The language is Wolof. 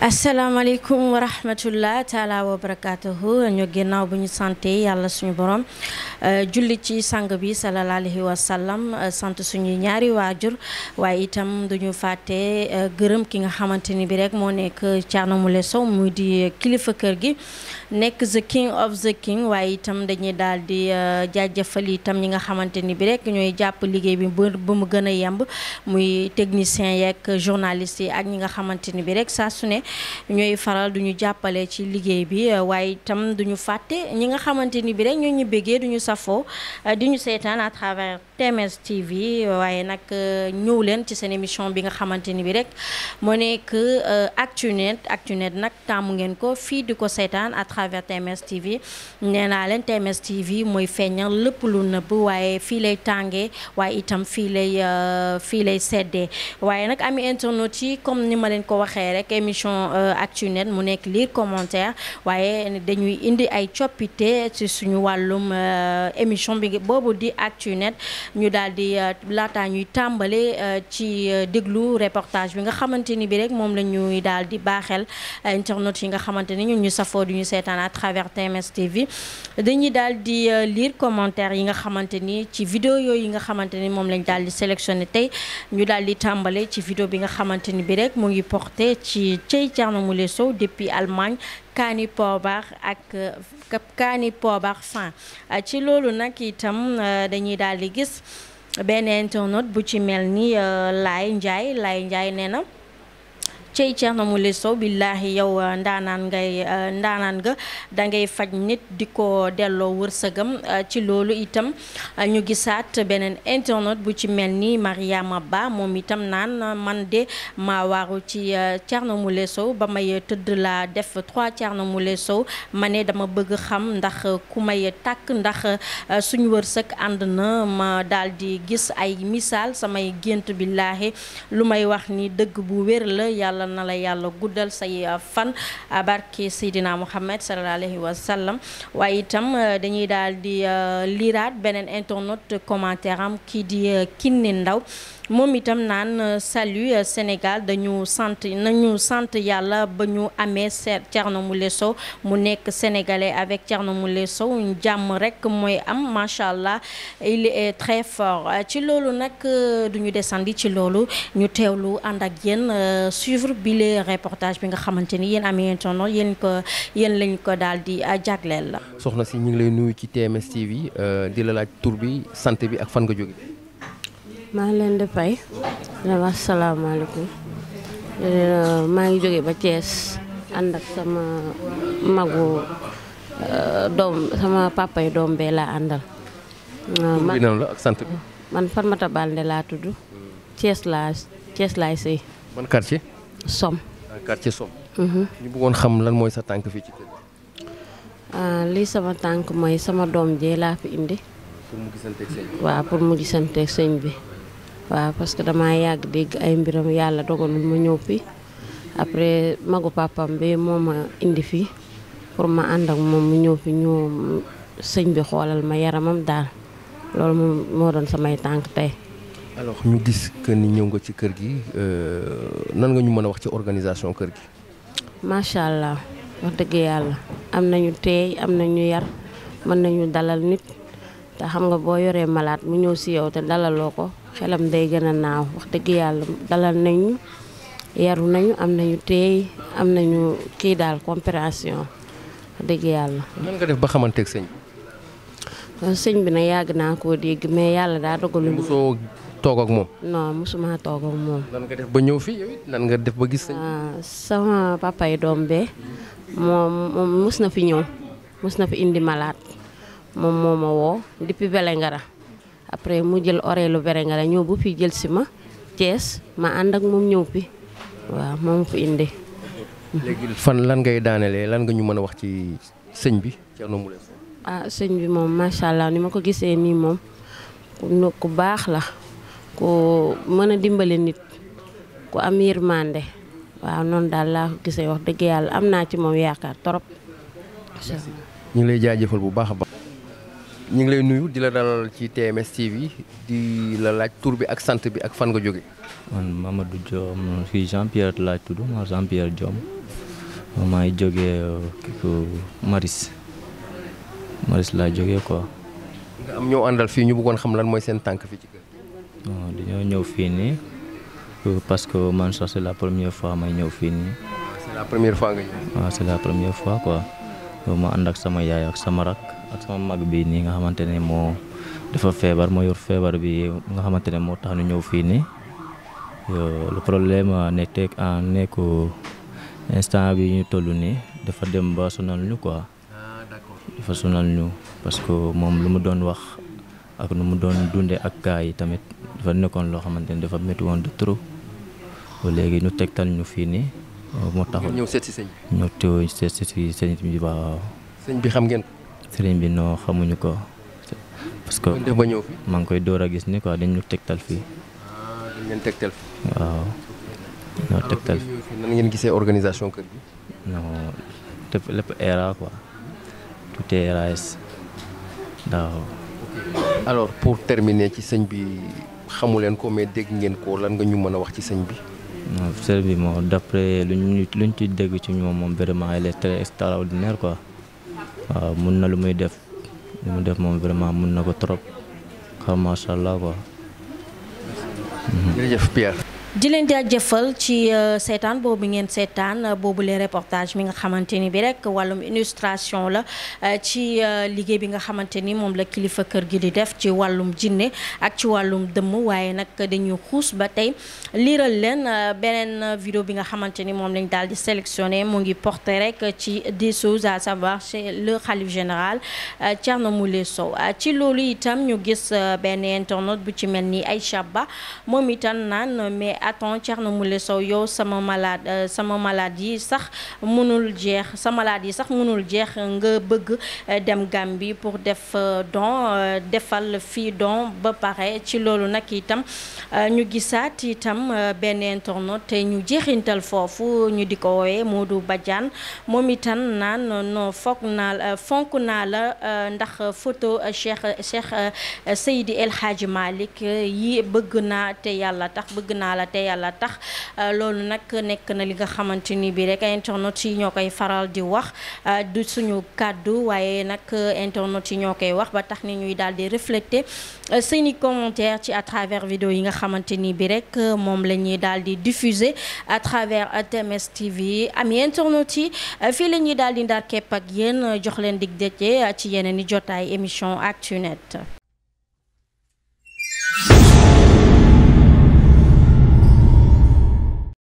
asalaamaaleykum wa rahmatullah taala wa barakatuhu ñu ginnaaw bu ñu santé yàlla suñu borom euh, julli ci sang bi sallallahu alayhi wa sallam euh, sant suñuy ñaari waajur waaye itam duñu fàtte euh, gërëm ki nga xamante ni bi rek moo nekk Thierno Moule Sow mu di kilifa kër gi nekk the king waaye itam dañuy daal di jaajëfal itam ñi nga xamante ni bi rek ñooy jàpp liggéey bi ba mu gën a yemb muy technicien yeeg journaliste yi ak ñi nga xamante ni bi rek saa su ne ñooy faral duñu jàppale ci liggéey bi euh, waaye itam duñu fàtte ñi nga xamante ni bi rek ñoo ñu bëggee duñu safoo euh, di ñu seetaan à TMS TV waaye nag euh, ñëw leen ci seen émission bi nga xamante ni bi rek moo nekk euh, Actunet Actunet nag taamu ngeen ko fii di ko seetaan à travers TMS TV nee naa leen TMS TV mooy feeñal lépp lu nëbb waaye fii lay tàngee waaye itam fii lay euh, fii lay seddee waaye nag ami internet yi comme ni ma leen ko waxee rek émission Actunet mu nekk lire commentaire waaye dañuy indi ay coppite ci suñu wàllum émission bi boobu di Actunet ñu daal di euh, laataa ñuy tàmbale euh, ci euh, déglu reportage bi nga xamante ni bi rek moom la ñuy daal di baaxel internet yi nga xamante ni ñun ñu safoo du ñu seetaan à travers TMS TV dañuy daal di lire commentaire yi nga xamante ni ci vidéo yooyu yi nga xamante ni moom lañ daal di sélectionné tey ñu daal di tàmbale ci vidéo bi nga xamante ni bi rek mu ngi porté ci Thierno Moule Sow depuis Allemagne kaani poobar ak kaani poobar fin ah, ci loolu nag itam ah, dañuy daal di gis benn internaute bu ci mel ni Laay Njaay Laay Njaay nee na cey Thierno Moule Sow billaahi yow uh, ndaanaan ngay uh, ndaanaan nga da ngay faj nit di ko delloo wërsëgam uh, ci loolu itam ñu gisaat beneen internet bu ci mel ni Mariama Ba moom itam naan man de ma waaru ci Thierno Moule Sow ba may tëdd laa def 3 Thierno Moule Sow ma ne dama bëgg xam ndax ku may tàkk ndax suñu wërsëg ànd na ma daal di gis ay misaal samay gént billaahi lu may wax ni dëgg bu wér la yàlla yal na la yàlla guddal say uh, fan uh, barki Seydina Muhammad sallallahu alayhi wa sallam waaye itam uh, dañuy daal di liiraat beneen internaute commentaire am kii di Kiné Ndaw moom itam naan salut Sénégal dañu sant nañu sant yàlla ba ñu amee Thierno Moule Sow mu nekk sénégalais avec Thierno Moule Sow jàmm rek mooy am macha allah il est très fort ci loolu nag duñu desandi ci loolu ñu teewlu ànd ak yéen sur reportage bi nga xamante ni yéen amee tono yéen ko yéen lañ ko daal di euh, jagleel la. soxna si ñu ngi lay nuyu ci TMS TV euh, di la laaj tur bi sant bi ak fan nga jóge. maa ngi leen di fay. asalaamaaleykum. Euh, maa ngi jóge ba Thiès ànd ak sama magu doom sama papa yi doom bee laa àndal. man ak sant bi. man Farmata Balde laa tudd. Thiès laa cees laay sëy. som euh, quartier som mhm. ñu bëggoon xam lan mooy sa tànk fii euh, lii sama tànk mooy sama doom jee laa fi indi waaw pour mu gisanteeg sëñ bi waaw parce que damaa yàgg dégg ay mbiram yàlla dogalul ma ñëw fii après magu pàppam bi moo ma indi fii pour ma ànd ak moom mu ñëw fi ñu sëñ bi xoolal ma yaramam daal loolu moo doon samay tànk tey alors ñu gis que ni ñëw nga kër gi euh, nan nga ñu mën a wax ci organisation kër gi. macha allah wax dëgg yàlla am nañu teey am ñu yar mën nañu dalal nit te xam nga boo yoree malaat mu ñëw si yow te dalaloo ko xelam day gën a naaw wax dëgg yàlla dalal nañu yaru nañu am nañu teey am nañu kii daal compréhension wax dëgg yàlla. nan nga def ba xamanteeg sëñ bi. sëñ bi nag yàgg naa koo dégg mais yàlla daa dogalu. soo toog ak moom. non mosuma toog ak moom. nan ñëw fii yow nga def ba gis. Ah, sama papa doom be moom moom mos na fi ñëw mos na fi indi malade moom moo ma woo depuis Vélingara après mu jël oreille lu Vélingara ñëw bu fi jël si ma cees ma ànd ak moom ñëw fi waaw moom fi indi. fan lan ngay daanelee lan nga ñu mën a wax ci sëñ bi Thierno Moule ah, sëñ bi moom macha allah ni ma ko gisee nii moom ku baax la. ku mën a dimbale nit ku am yërmande waaw noonu daal laa gisee wax dëgg yàlla am naa ci moom yaakaar torop ñu ngi lay jaajëfal bu baax a baax ñu ngi lay nuyu di la dalal ci TMS TV di la laaj tur bi ak sant bi ak fan nga jóge man Mamadou Diom fii Jean Pierre laaj tudd euh, Maris Maris laa jóge quoi. nga am ñoo àndal fii ñu bëggoon xam lan mooy seen tànk fii non dañoo ñëw fii nii parce que man sax c'est la première fois may ñëw fii nii. c'est fois nga ah, c'est la première fois quoi ma ànd ak sama yaay ak sama rak ak sama mag bi nii nga xamante ne moo dafa feebar moo yor feebar bi nga xamante ne moo tax nu ñëw fii nii le problème n'était en nekk instant bi ñu toll nii dafa dem ba sonal ñu quoi. Ah, dafa sonal ñu parce que moom lu mu doon wax ak nu mu doon dundee ak gaa yi tamit. dafa nekkoon loo xamante ni dafa métti woon de trop ba léegi nu tegtal ñu fii nii moo tax taxoon ñëw seet si sëñ bi ñëw teew seet si sëñ bi waaw. sëñ bi xam ngeen ko. sëriñ bi noo xamuñu ko. parce que ba ñëw maa ngi koy door a gis ni ko dañ ñu tegtal fii. Ah, dañ leen waaw ñoo tegtal ah, fii. nan ngeen gisee organisation kër gi. non lépp lépp ERA quoi tout est pour terminer ci sëñ bi. xamu leen ko mais dégg ngeen ko lan nga ñu mën a wax ci sëñ bi. waaw sëñ bi moom d'après lu ñu lu ñu ci dégg ci ñoom moom vraiment il est très extraordinaire quoi waaw mun na lu muy def lu mu def moom vraiment mun na ko trop xam macha allah quoi. jërëjëf Pierre. di leen jaajëfal ci euh, seetaan boobu ngeen seetaan euh, boobu le reportage mi nga xamante ni bi rek wàllum illustration la euh, ci liggéey bi nga xamante ni moom la kilifa kër gi di def ci wàllum jinne ak ci wàllum dëmm waaye nag dañu xuus ba tey liiral leen beneen vidéo bi nga xamante ni moom lañ daal di sélectionné mu ngi porte rek ci des choses à savoir chez le khalife général Thierno Moule Sow ci loolu itam ñu gis benn internaute bu ci mel ni ay Ba moom à temps Thierno Moule yow sama malade euh, sama malaad yi sax mënul jeex sa malade yi sax mënul jeex nga bëgg euh, dem Gambie pour def euh, don defal fii don ba pare ci loolu nag itam ñu gisaat itam benn internaute te ñu jeexintal foofu ñu di ko woowee Modou Badiane moom itam naan non naa la fonk naa la ndax photo Cheikh Cheikh Seydi El Hadji Malick yi bëgg naa te yàlla tax bëgg naa la te yàlla tax euh, loolu nag nekk na li nga xamante ni bi rek internet yi ñoo koy faral di wax euh, du suñu kàddu waaye nag euh, internet yi ñoo koy wax ba tax ni ñuy daal di refléter seeni commentaire ci à travers vidéo yi nga xamante ni bi rek moom la ñuy daal di diffuser à travers TMS TV am internet yi fii la ñuy daal di ndar képp ak yéen jox leen dig dëcce ci yeneen i jotaay émission Actu Net